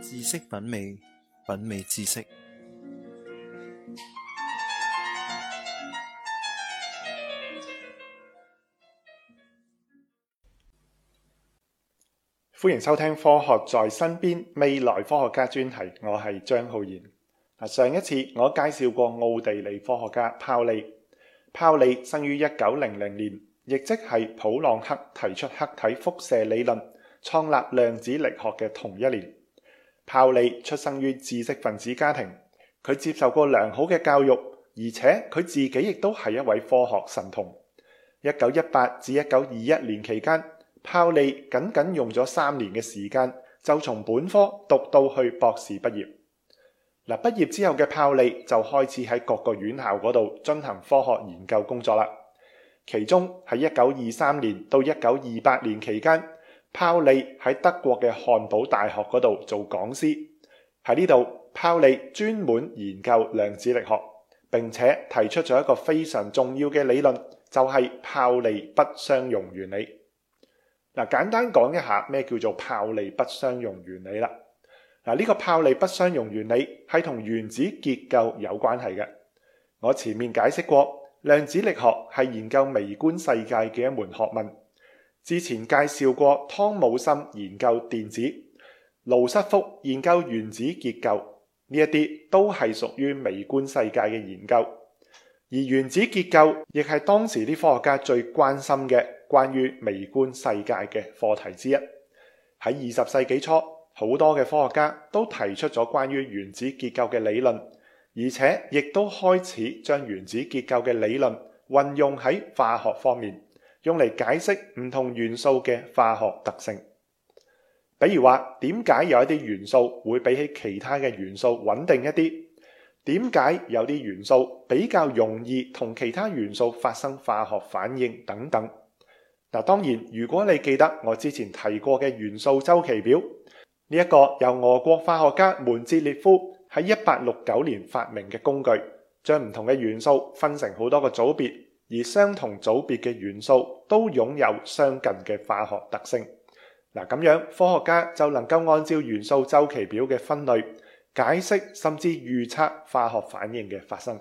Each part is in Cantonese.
知識品味，品味知識。歡迎收聽《科學在身邊》未來科學家專題，我係張浩然。嗱，上一次我介紹過奧地利科學家泡利，泡利生於一九零零年，亦即係普朗克提出黑體輻射理論。.創立量子力學嘅同一年，泡利出生於知識分子家庭。佢接受過良好嘅教育，而且佢自己亦都係一位科學神童。一九一八至一九二一年期間，泡利僅僅用咗三年嘅時間就從本科讀到去博士畢業。嗱，畢業之後嘅泡利就開始喺各個院校嗰度進行科學研究工作啦。其中喺一九二三年到一九二八年期間。泡利喺德國嘅漢堡大學嗰度做講師，喺呢度泡利專門研究量子力學，並且提出咗一個非常重要嘅理論，就係、是、泡利不相容原理。嗱，簡單講一下咩叫做泡利不相容原理啦。嗱，呢個泡利不相容原理係同原子結構有關係嘅。我前面解釋過，量子力學係研究微觀世界嘅一門學問。之前介紹過湯姆森研究電子，盧瑟福研究原子結構，呢一啲都係屬於微觀世界嘅研究。而原子結構亦係當時啲科學家最關心嘅，關於微觀世界嘅課題之一。喺二十世紀初，好多嘅科學家都提出咗關於原子結構嘅理論，而且亦都開始將原子結構嘅理論運用喺化學方面。用嚟解釋唔同元素嘅化學特性，比如話點解有一啲元素會比起其他嘅元素穩定一啲？點解有啲元素比較容易同其他元素發生化學反應等等？嗱，當然如果，你記得我之前提過嘅元素週期表，呢一個由俄國化學家門捷列夫喺一八六九年發明嘅工具，將唔同嘅元素分成好多個組別。而相同組別嘅元素都擁有相近嘅化學特性，嗱，咁樣科學家就能夠按照元素週期表嘅分類解釋甚至預測化學反應嘅發生。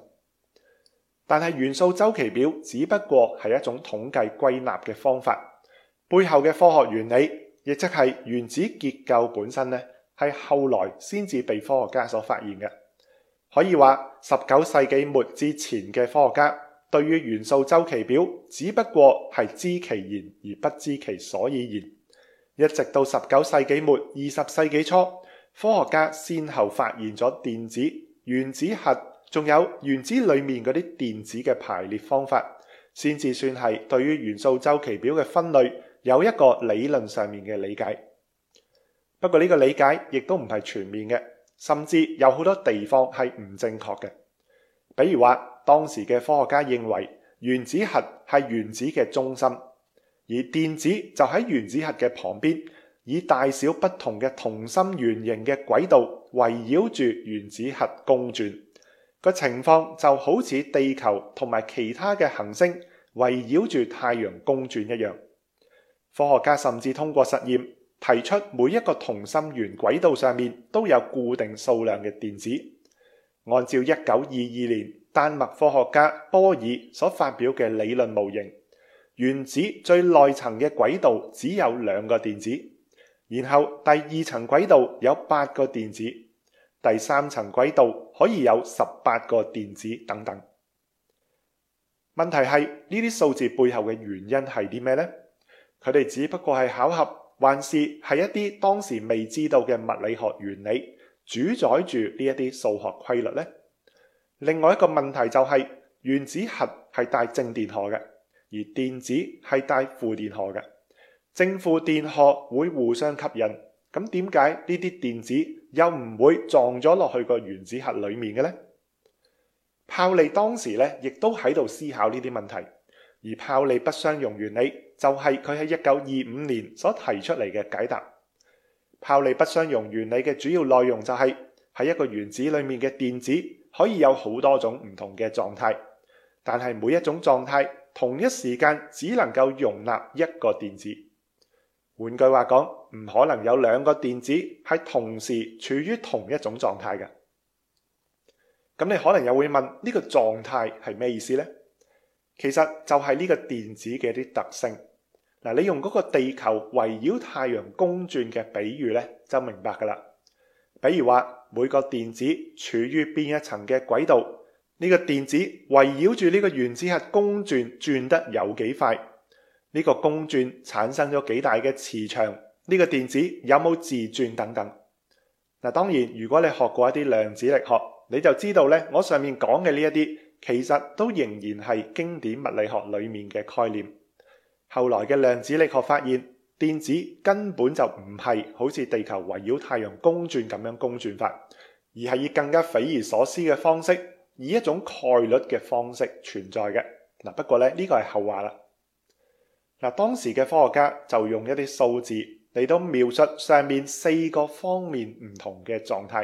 但係元素週期表只不過係一種統計歸納嘅方法，背後嘅科學原理，亦即係原子結構本身呢，係後來先至被科學家所發現嘅。可以話十九世紀末之前嘅科學家。對於元素週期表，只不過係知其然而不知其所以然。一直到十九世紀末、二十世紀初，科學家先後發現咗電子、原子核，仲有原子裏面嗰啲電子嘅排列方法，先至算係對於元素周期表嘅分類有一個理論上面嘅理解。不過呢個理解亦都唔係全面嘅，甚至有好多地方係唔正確嘅，比如話。當時嘅科學家認為原子核係原子嘅中心，而電子就喺原子核嘅旁邊，以大小不同嘅同心圓形嘅軌道圍繞住原子核公轉。個情況就好似地球同埋其他嘅行星圍繞住太陽公轉一樣。科學家甚至通過實驗提出，每一個同心圓軌道上面都有固定數量嘅電子。按照一九二二年丹麥科學家波爾所發表嘅理論模型，原子最內層嘅軌道只有兩個電子，然後第二層軌道有八個電子，第三層軌道可以有十八個電子等等。問題係呢啲數字背後嘅原因係啲咩呢？佢哋只不過係巧合，還是係一啲當時未知道嘅物理學原理？主宰住呢一啲數學規律呢？另外一個問題就係原子核係帶正電荷嘅，而電子係帶負電荷嘅。正負電荷會互相吸引，咁點解呢啲電子又唔會撞咗落去個原子核裡面嘅呢？泡利當時呢亦都喺度思考呢啲問題，而泡利不相容原理就係佢喺一九二五年所提出嚟嘅解答。泡利不相容原理嘅主要內容就係，喺一個原子裏面嘅電子可以有好多種唔同嘅狀態，但係每一種狀態同一時間只能夠容納一個電子。換句話講，唔可能有兩個電子係同時處於同一種狀態嘅。咁你可能又會問，呢個狀態係咩意思呢？其實就係呢個電子嘅啲特性。嗱，你用嗰個地球圍繞太陽公轉嘅比喻咧，就明白噶啦。比如話每個電子處於邊一層嘅軌道，呢個電子圍繞住呢個原子核公轉，轉得有幾快？呢個公轉產生咗幾大嘅磁場？呢個電子有冇自轉等等？嗱，當然如果你學過一啲量子力學，你就知道咧，我上面講嘅呢一啲，其實都仍然係經典物理學裡面嘅概念。後來嘅量子力學發現，電子根本就唔係好似地球圍繞太陽公轉咁樣公轉法，而係以更加匪夷所思嘅方式，以一種概率嘅方式存在嘅。嗱，不過呢，呢個係後話啦。嗱，當時嘅科學家就用一啲數字嚟到描述上面四個方面唔同嘅狀態，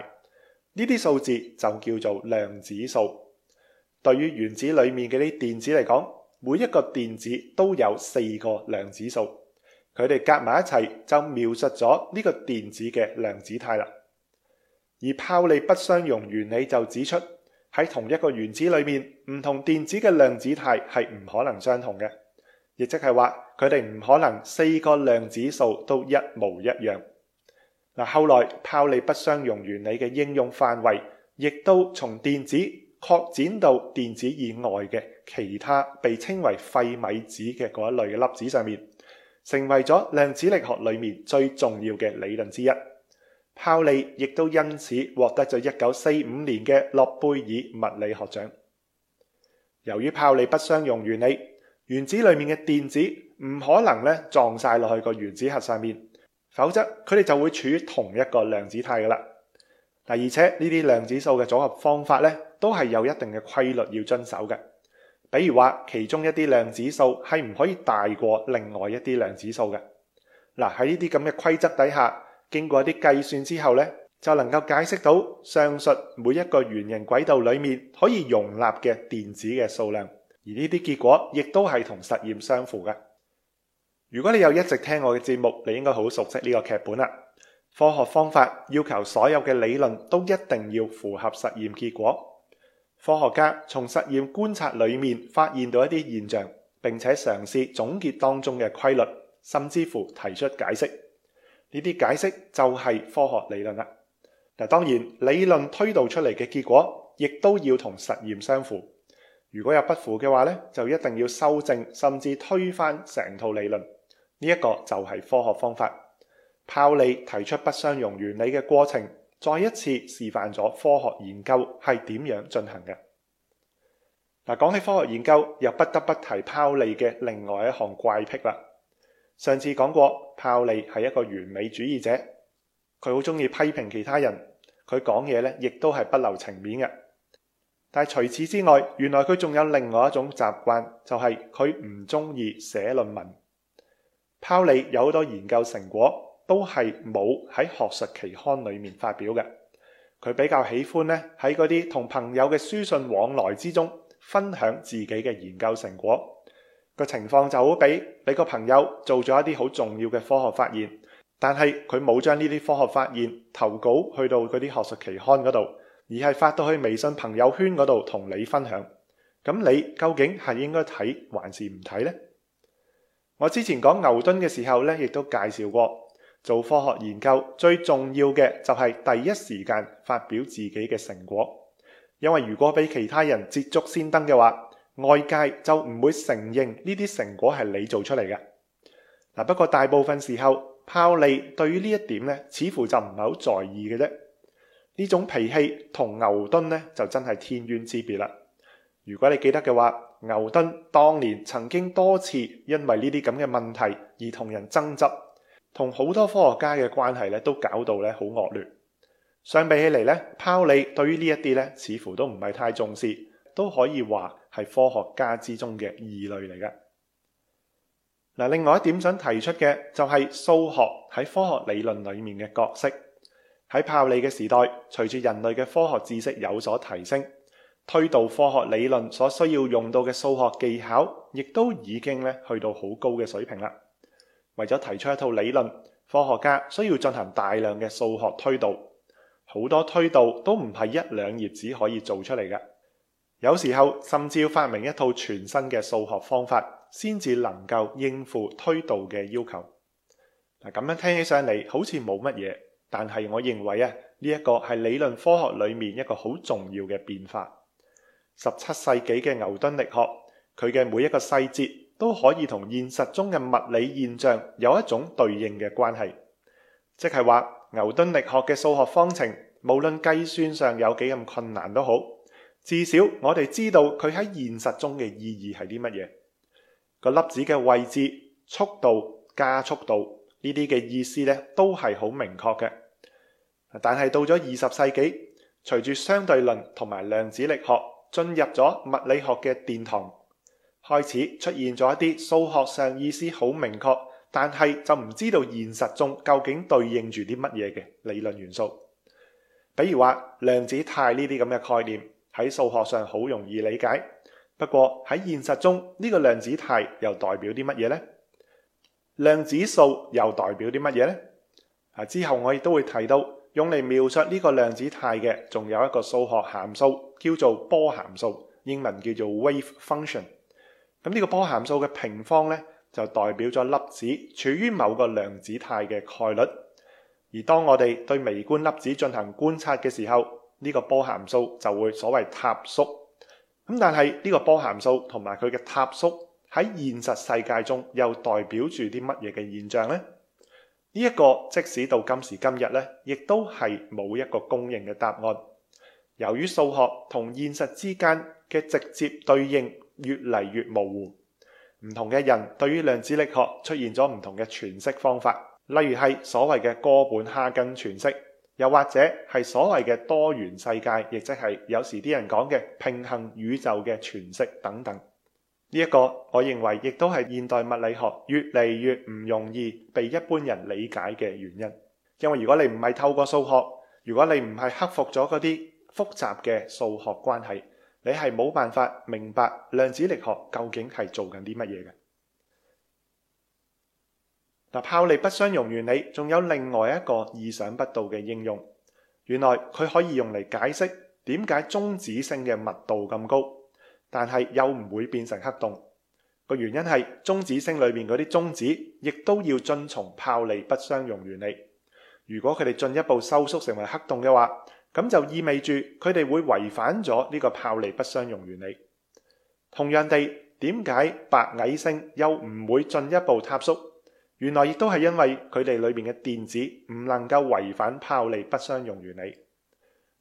呢啲數字就叫做量子數。對於原子裏面嘅啲電子嚟講。每一個電子都有四個量子數，佢哋夾埋一齊就描述咗呢個電子嘅量子態啦。而泡利不相容原理就指出，喺同一個原子裏面，唔同電子嘅量子態係唔可能相同嘅，亦即係話佢哋唔可能四個量子數都一模一樣。嗱，後來泡利不相容原理嘅應用範圍亦都從電子。擴展到電子以外嘅其他，被稱為費米子嘅嗰一類嘅粒子上面，成為咗量子力學裡面最重要嘅理論之一。泡利亦都因此獲得咗一九四五年嘅諾貝爾物理學獎。由於泡利不相容原理，原子裡面嘅電子唔可能咧撞晒落去個原子核上面，否則佢哋就會處於同一個量子態嘅啦嗱。而且呢啲量子數嘅組合方法咧。都係有一定嘅規律要遵守嘅，比如話其中一啲量子數係唔可以大過另外一啲量子數嘅。嗱，喺呢啲咁嘅規則底下，經過一啲計算之後呢，就能夠解釋到上述每一個圓形軌道裡面可以容納嘅電子嘅數量，而呢啲結果亦都係同實驗相符嘅。如果你有一直聽我嘅節目，你應該好熟悉呢個劇本啦。科學方法要求所有嘅理論都一定要符合實驗結果。科學家從實驗觀察裏面發現到一啲現象，並且嘗試總結當中嘅規律，甚至乎提出解釋。呢啲解釋就係科學理論啦。嗱，當然理論推導出嚟嘅結果，亦都要同實驗相符。如果有不符嘅話呢，就一定要修正，甚至推翻成套理論。呢、這、一個就係科學方法，泡利提出不相容原理嘅過程，再一次示範咗科學研究係點樣進行嘅。嗱，講起科學研究，又不得不提泡利嘅另外一項怪癖啦。上次講過，泡利係一個完美主義者，佢好中意批評其他人，佢講嘢呢亦都係不留情面嘅。但係除此之外，原來佢仲有另外一種習慣，就係佢唔中意寫論文。泡利有好多研究成果。都係冇喺學術期刊裏面發表嘅，佢比較喜歡呢喺嗰啲同朋友嘅書信往來之中分享自己嘅研究成果。個情況就好比你個朋友做咗一啲好重要嘅科學發現，但係佢冇將呢啲科學發現投稿去到嗰啲學術期刊嗰度，而係發到去微信朋友圈嗰度同你分享。咁你究竟係應該睇還是唔睇呢？我之前講牛頓嘅時候呢，亦都介紹過。做科學研究最重要嘅就係第一時間發表自己嘅成果，因為如果俾其他人捷足先登嘅話，外界就唔會承認呢啲成果係你做出嚟嘅。嗱，不過大部分時候，泡利對於呢一點呢似乎就唔係好在意嘅啫。呢種脾氣同牛頓呢就真係天淵之別啦。如果你記得嘅話，牛頓當年曾經多次因為呢啲咁嘅問題而同人爭執。同好多科學家嘅關係咧，都搞到咧好惡劣。相比起嚟咧，泡利對於呢一啲咧，似乎都唔係太重視，都可以話係科學家之中嘅異類嚟嘅。嗱，另外一點想提出嘅就係數學喺科學理論裡面嘅角色。喺泡利嘅時代，隨住人類嘅科學知識有所提升，推導科學理論所需要用到嘅數學技巧，亦都已經咧去到好高嘅水平啦。為咗提出一套理論，科學家需要進行大量嘅數學推導，好多推導都唔係一兩頁紙可以做出嚟嘅。有時候甚至要發明一套全新嘅數學方法，先至能夠應付推導嘅要求。嗱，咁樣聽起上嚟好似冇乜嘢，但係我認為啊，呢一個係理論科學裏面一個好重要嘅變化。十七世紀嘅牛頓力學，佢嘅每一個細節。都可以同現實中嘅物理現象有一種對應嘅關係，即係話牛頓力學嘅數學方程，無論計算上有幾咁困難都好，至少我哋知道佢喺現實中嘅意義係啲乜嘢。個粒子嘅位置、速度、加速度呢啲嘅意思呢，都係好明確嘅。但係到咗二十世紀，隨住相對論同埋量子力學進入咗物理學嘅殿堂。開始出現咗一啲數學上意思好明確，但係就唔知道現實中究竟對應住啲乜嘢嘅理論元素。比如話量子態呢啲咁嘅概念喺數學上好容易理解，不過喺現實中呢個量子態又代表啲乜嘢呢？量子數又代表啲乜嘢呢？啊，之後我亦都會提到用嚟描述呢個量子態嘅，仲有一個數學函數叫做波函數，英文叫做 wave function。咁呢個波函數嘅平方咧，就代表咗粒子處於某個量子態嘅概率。而當我哋對微觀粒子進行觀察嘅時候，呢個波函數就會所謂塌縮。咁但係呢個波函數同埋佢嘅塌縮喺現實世界中又代表住啲乜嘢嘅現象呢？呢一個即使到今時今日咧，亦都係冇一個公認嘅答案。由於數學同現實之間嘅直接對應，越嚟越模糊，唔同嘅人對於量子力學出現咗唔同嘅詮釋方法，例如係所謂嘅哥本哈根詮釋，又或者係所謂嘅多元世界，亦即係有時啲人講嘅平行宇宙嘅詮釋等等。呢一個我認為亦都係現代物理學越嚟越唔容易被一般人理解嘅原因，因為如果你唔係透過數學，如果你唔係克服咗嗰啲複雜嘅數學關係。你係冇辦法明白量子力學究竟係做緊啲乜嘢嘅。嗱，泡利不相容原理仲有另外一個意想不到嘅應用，原來佢可以用嚟解釋點解中子星嘅密度咁高，但係又唔會變成黑洞。個原因係中子星裏面嗰啲中子亦都要遵從泡利不相容原理，如果佢哋進一步收縮成為黑洞嘅話，咁就意味住佢哋會違反咗呢個泡利不相容原理。同樣地，點解白矮星又唔會進一步塌縮？原來亦都係因為佢哋裏面嘅電子唔能夠違反泡利不相容原理。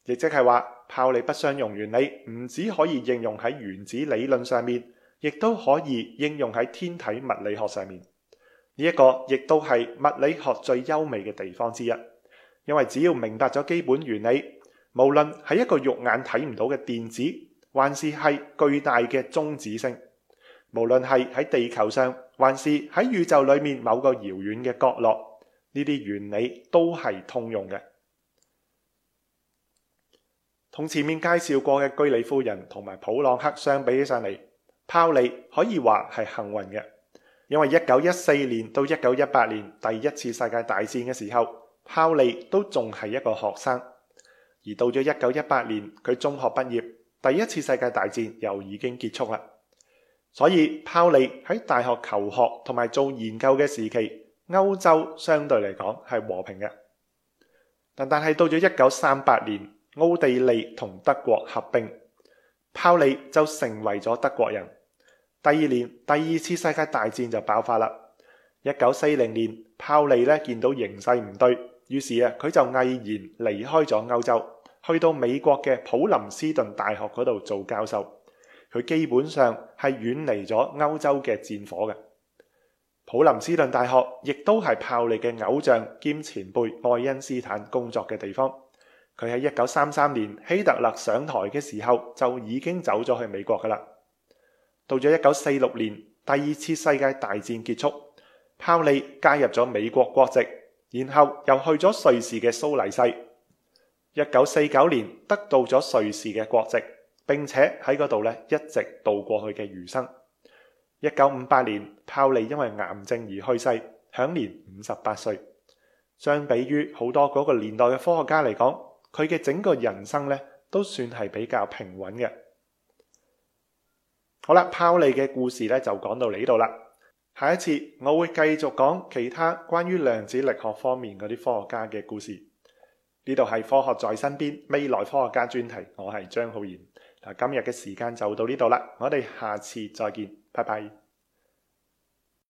亦即係話，泡利不相容原理唔止可以應用喺原子理論上面，亦都可以應用喺天體物理學上面。呢一個亦都係物理學最優美嘅地方之一，因為只要明白咗基本原理，無論係一個肉眼睇唔到嘅電子，還是係巨大嘅中子星，無論係喺地球上，還是喺宇宙裏面某個遙遠嘅角落，呢啲原理都係通用嘅。同前面介紹過嘅居里夫人同埋普朗克相比起上嚟，泡利可以話係幸運嘅，因為一九一四年到一九一八年第一次世界大戰嘅時候，泡利都仲係一個學生。而到咗一九一八年，佢中學畢業，第一次世界大戰又已經結束啦。所以泡利喺大學求學同埋做研究嘅時期，歐洲相對嚟講係和平嘅。但但係到咗一九三八年，奧地利同德國合併，泡利就成為咗德國人。第二年，第二次世界大戰就爆發啦。一九四零年，泡利呢，見到形勢唔對，於是啊，佢就毅然離開咗歐洲。去到美國嘅普林斯頓大學嗰度做教授，佢基本上係遠離咗歐洲嘅戰火嘅。普林斯頓大學亦都係泡利嘅偶像兼前輩愛因斯坦工作嘅地方。佢喺一九三三年希特勒上台嘅時候就已經走咗去美國㗎喇。到咗一九四六年第二次世界大戰結束，泡利加入咗美國國籍，然後又去咗瑞士嘅蘇黎世。一九四九年得到咗瑞士嘅國籍，並且喺嗰度咧一直度過佢嘅餘生。一九五八年泡利因為癌症而去世，享年五十八歲。相比於好多嗰個年代嘅科學家嚟講，佢嘅整個人生咧都算係比較平穩嘅。好啦，泡利嘅故事咧就講到呢度啦。下一次我會繼續講其他關於量子力學方面嗰啲科學家嘅故事。呢度係科學在身邊未來科學家專題，我係張浩然。嗱，今日嘅時間就到呢度啦，我哋下次再見，拜拜。